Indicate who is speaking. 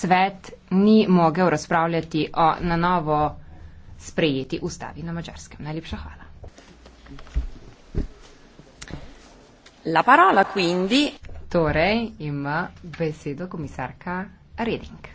Speaker 1: svet ni mogel razpravljati o na novo sprejeti ustavi na mačarskem. Najlepša hvala. La parola quindi. Torej ima besedo komisarka Reding.